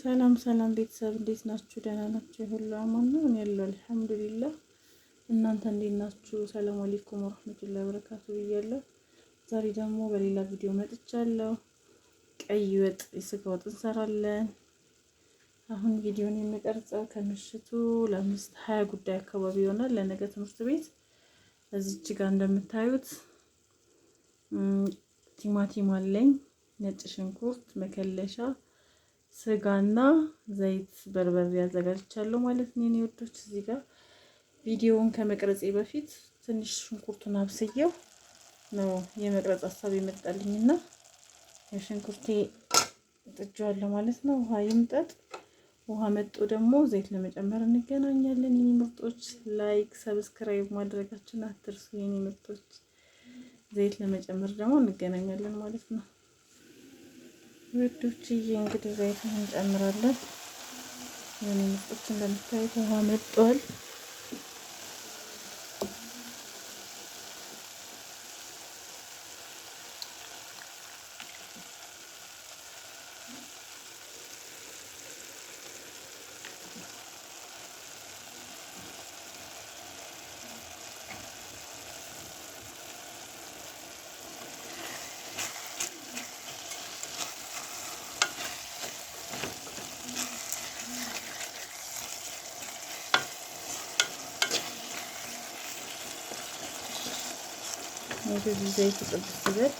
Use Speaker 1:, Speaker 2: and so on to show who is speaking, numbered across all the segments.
Speaker 1: ሰላም ሰላም ቤተሰብ እንዴት ናችሁ? ደህና ናችሁ? ሁሉ አማን ነው? እኔ ያለው አልሐምዱሊላህ። እናንተ እንዴት ናችሁ? ሰላም አለይኩም ወራህመቱላሂ ወበረካቱ ብያለሁ። ዛሬ ደግሞ በሌላ ቪዲዮ መጥቻለሁ። ቀይ ወጥ የስጋ ወጥ እንሰራለን። አሁን ቪዲዮን የሚቀርጸው ከምሽቱ ለአምስት ሀያ ጉዳይ አካባቢ ይሆናል ለነገ ትምህርት ቤት። እዚች ጋር እንደምታዩት ቲማቲም አለኝ፣ ነጭ ሽንኩርት፣ መከለሻ ስጋና ዘይት በርበሬ አዘጋጅቻለሁ ማለት ነው። እኔ ወዶች እዚህ ጋር ቪዲዮውን ከመቅረጼ በፊት ትንሽ ሽንኩርቱን አብስየው ነው የመቅረጽ ሀሳብ የመጣልኝና የሽንኩርቴ ጥጃዋለሁ ማለት ነው። ውሃ ይምጠጥ። ውሃ መጦ ደግሞ ዘይት ለመጨመር እንገናኛለን። የኔ ምርጦች ላይክ፣ ሰብስክራይብ ማድረጋችን አትርሱ። የኔ ምርጦች ዘይት ለመጨመር ደግሞ እንገናኛለን ማለት ነው። ውዶችዬ እንግዲህ ዘይቱን እንጨምራለን። የኔ ምርጦች እንደምታዩት ውሃ መጥቷል። Sadece bir zeytin acısıdır.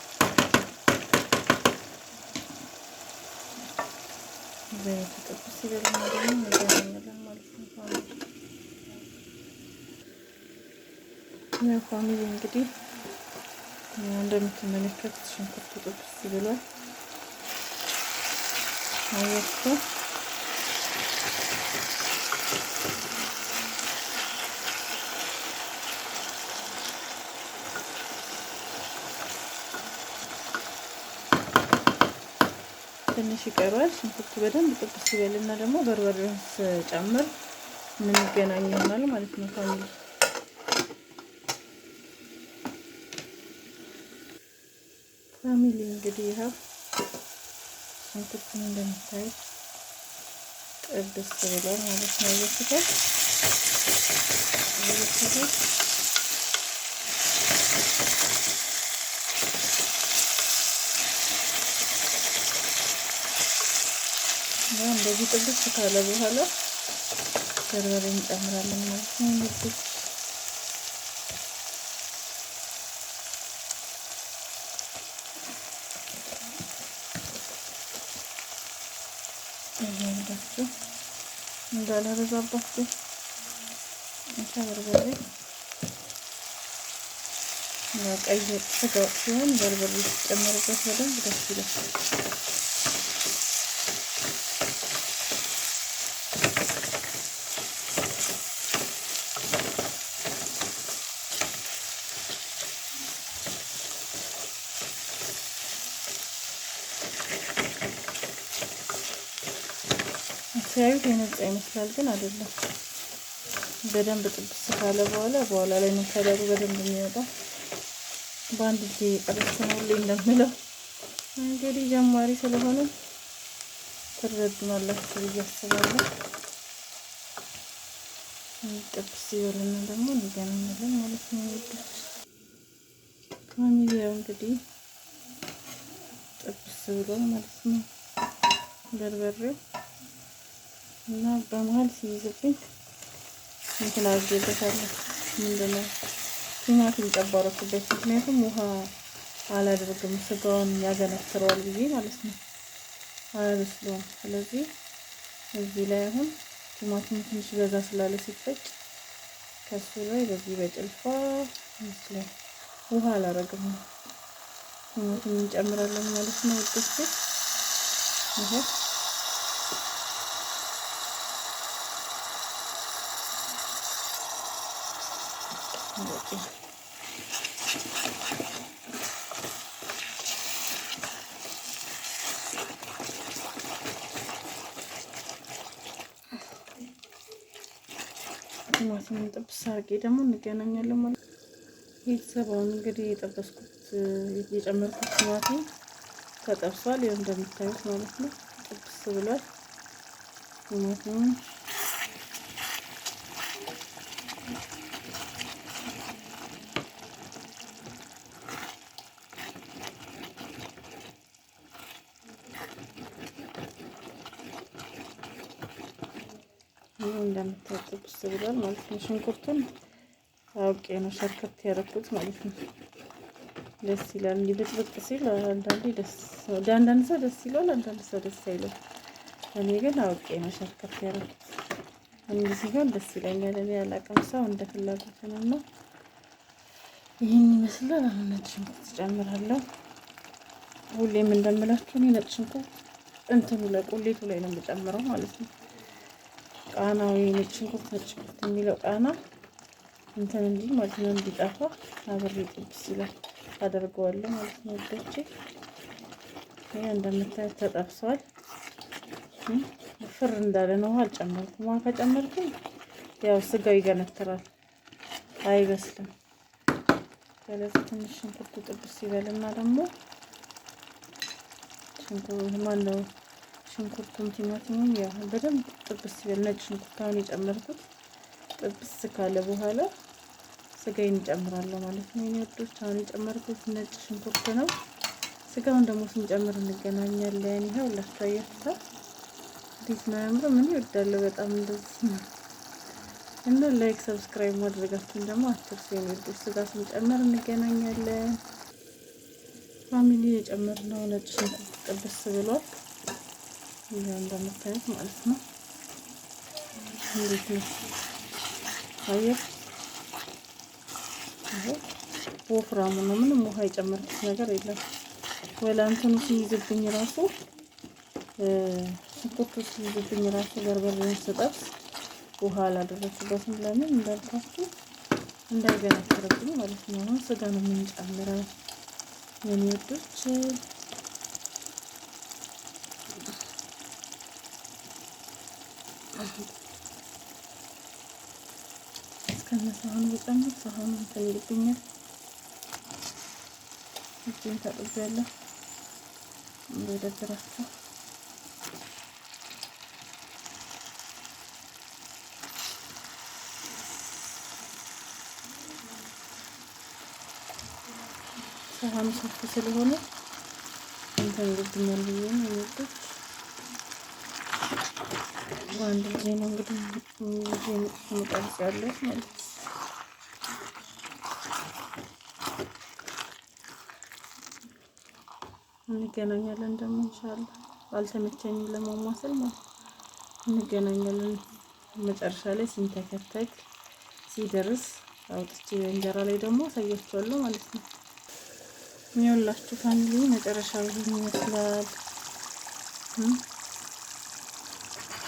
Speaker 1: Zeytin acısı ve bunların nedenlerden marifun falan. Ne yapalım እንግዲህ እንደምትመለከቱት ሽንኩርት ጥብስ ብሏል። አያችሁ ትንሽ ይቀራል። ሽንኩርት በደንብ ጥብስ ሲበልና ደግሞ በርበሬውን ስጨምር የምንገናኝ ይሆናል ማለት ነው ፋሚሊ። ፋሚሊ እንግዲህ ይኸው ሽንኩርቱን እንደምታዩት ጥብስ ብሏል ማለት ነው። ይኸው እንደዚህ ጥብስ ካለ በኋላ በርበሬ እንጨምራለን ማለት ነው። እንግዲህ እያንዳችሁ እንዳላበዛባችሁ እንቻ በርበሬ ቀይ ስጋ ሲሆን በርበሬ ሲጨመርበት በደንብ ደስ ይላል። ሲያዩት የነጻ ይመስላል፣ ግን አይደለም። በደንብ ጥብስ ካለ በኋላ በኋላ ላይ ነው ከለሩ በደንብ የሚወጣው። በአንድ ጊዜ ቀረስ ነው ሁሌ እንደምለው እንግዲህ ጀማሪ ስለሆነ ትረዱናላችሁ ብዬ አስባለሁ። ጥብስ ይበልና ደግሞ እንገናኛለን ማለት ነው። ወዶች ከሚዲያው እንግዲህ ጥብስ ብሎ ማለት ነው በርበሬው እና በመሀል ሲይዝብኝ እንትን አድርጌበታለሁ። ምንድን ነው ቲማቲም ጨባረኩበት። ምክንያቱም ውሃ አላደርግም፣ ስጋውን ያገነትረዋል ብዬ ማለት ነው፣ አያበስለውም። ስለዚህ እዚህ ላይ አሁን ቲማቲም ትንሽ በዛ ስላለ ሲፈጭ ከሱ ላይ በዚህ በጭልፋ ይመስላል ውሃ አላረግም ነው ቲማቲም እንጨምራለን ማለት ነው። ውጤት ይሄ ቲማቲሙን ጥብስ አድርጌ ደግሞ እንገናኛለን ማለት ቤተሰብ። አሁን እንግዲህ የጠበስኩት የጨመርኩት ቲማቲም ተጠብሷል፣ ይኸው እንደምታዩት ማለት ነው። ጥብስ ብሏል ቲማቲሙን አሁን እንደምታዩት ጥብስ ብሏል ማለት ነው። ሽንኩርቱን አውቄ ነው ሸርከት ያደረኩት ማለት ነው። ደስ ይላል እንዲህ ብጥብጥ ሲል አንዳንዴ ደስ አንዳንድ ሰው ደስ ይላል፣ አንዳንድ ሰው ደስ አይልም። እኔ ግን አውቄ ነው ሸርከት ያደረኩት። እንዲህ ሲሆን ደስ ይለኛል። እኔ አላውቅም፣ ሰው እንደ ፍላጎት ነውና ይህን ይመስላል። አሁን ነጭ ሽንኩርት ጨምራለሁ። ሁሌም እንደምላችሁ እኔ ነጭ ሽንኩርት እንትኑ ለቁሌቱ ላይ ነው የምጨምረው ማለት ነው። ቃናው የሆነች ሽንኩርት ነጭ ሽንኩርት የሚለው ቃና እንትን እንዲህ ማለት ነው እንዲጠፋ አብሬ ጥብስ ይላል አደርገዋለሁ ማለት ነው። ወደች ይህ እንደምታዩት ተጠብሷል። ፍር እንዳለ ነው። ውሃ አልጨመርኩም። ውሃ ከጨመርኩም ያው ስጋው ይገነትራል፣ አይበስልም። ስለዚህ ትንሽ ሽንኩርቱ ጥብስ ይበልና ደግሞ ሽንኩርት ማለው ሽንኩርቱም ቲማቲሙ ያው በደንብ ጥብስ ሲል ነጭ ሽንኩርት አሁን የጨመርኩት ጥብስ ካለ በኋላ ስጋዬን እንጨምራለሁ ማለት ነው። የኔ ወዶች አሁን የጨመርኩት ነጭ ሽንኩርት ነው። ስጋውን ደግሞ ስንጨምር እንገናኛለን። ይኸው ሁላችሁ አያችሁታ እንዴት ነው ያምረው! ምን ይወዳለሁ በጣም እንደዚህ ነው እና ላይክ ሰብስክራይብ ማድረጋችሁን ደግሞ አትርሱ። የኔ ወዶች ስጋ ስንጨምር እንገናኛለን። ፋሚሊ የጨመርነው ነጭ ሽንኩርት ጥብስ ብሏል። ይሄው እንደምታዩት ማለት ነው። እንዴት ነው አየህ? ወፍራሙ ነው። ምንም ውሃ የጨመርኩት ነገር የለም። ወላ እንትኑ ሲይዝብኝ ራሱ ሽንኩርቱ ሲይዝብኝ ራሱ በርበሬውን ስጠብስ ውሃ አላደረኩበትም። ለምን እንዳልኳችሁ እንዳይገነፍርብኝ ማለት ነው። ስጋ ነው የምንጨምረው የሚወዱት እስከነ ሳህኑ ብጨምር ሳህኑ እንትን ይልብኛል። እጅን ታጥቤያለሁ እንዳይደብራችሁ። ሳህኑ ሰፊ ስለሆነ እንትን ይልብኛል ብዬ ነው የወጡት በአንድ ጊዜ ነው እንግዲህ ማለት ነው። እንገናኛለን ደግሞ አልተመቸኝም ለማማሰል ማለት እንገናኛለን። መጨረሻ ላይ ሲንተከተክ ሲደርስ አውጥቼ እንጀራ ላይ ደግሞ አሳያችኋለሁ ማለት ነው። ይኸውላችሁ ፋሚሊ መጨረሻ ይሄን ይመስላል።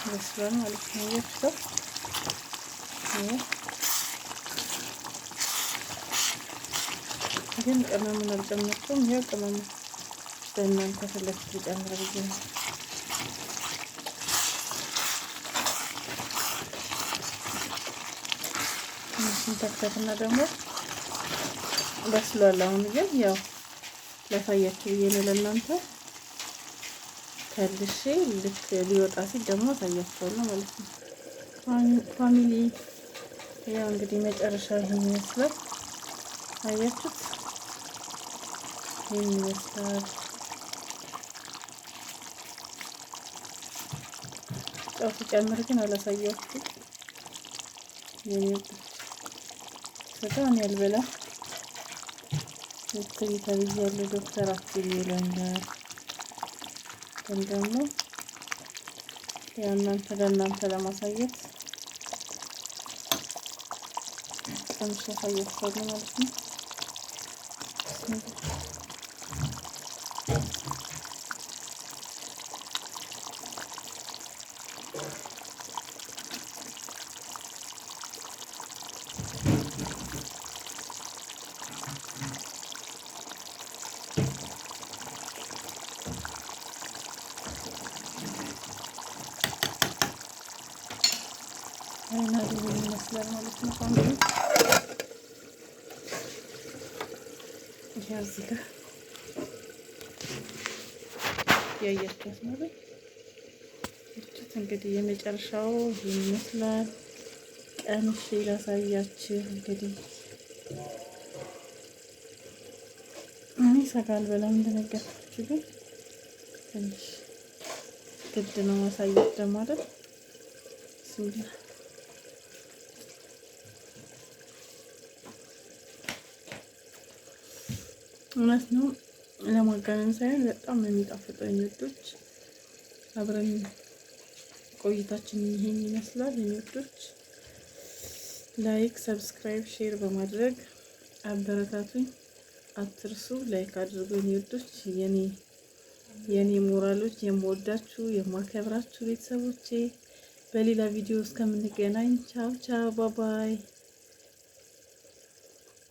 Speaker 1: ይመስላል ማለት ነው። ይፈው ግን ቅመሙን አልጨመርኩም። ይሄ ቅመሙ በእናንተ ፈለግኩ ሊጨምር ብዬ ነው። እሱን ተክተትና ደግሞ በስሏል። አሁን ግን ያው ላሳያችሁ ብዬ ነው ለእናንተ ተልሼ ልክ ሊወጣ ሲል ደግሞ አሳያቸዋለሁ ማለት ነው። ፋሚሊ ያው እንግዲህ መጨረሻ ይህን ይመስላል። አያችሁት? ይህን ይመስላል። ጨው ሲጨምር ግን አላሳያችሁም። በጣም ያልበላ እኮ ተብያለሁ። ዶክተር አክቲቪ ይለኛል ግን ደግሞ እናንተ ለእናንተ ለማሳየት ቀምሼ አሳያችኋለሁ ማለት ነው። ይመስላል ማለት ነው። ቆንጆ ይሄ እዚህ ጋር ያያችሁት ነው። እችት እንግዲህ የመጨረሻው ይመስላል። ቀንሽ ላሳያችሁ እንግዲህ እኔ ስጋ አልበላም እንደነገርኳችሁ፣ ግን ትንሽ ግድ ነው ማሳየት ደግሞ አይደል ስንል እውነት ነው። ለማጋነን ሳይሆን በጣም ነው የሚጣፍጠው። ወዶች አብረን ቆይታችን ይሄን ይመስላል። የኔወዶች ላይክ፣ ሰብስክራይብ፣ ሼር በማድረግ አበረታቱኝ አትርሱ። ላይክ አድርጉ የኔወዶች የኔ የኔ ሞራሎች፣ የምወዳችሁ የማከብራችሁ ቤተሰቦቼ በሌላ ቪዲዮ እስከምንገናኝ ቻው ቻው ባባይ።